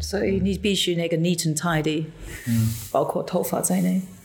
所以你必須那個 neat and tidy，包括頭髮在內。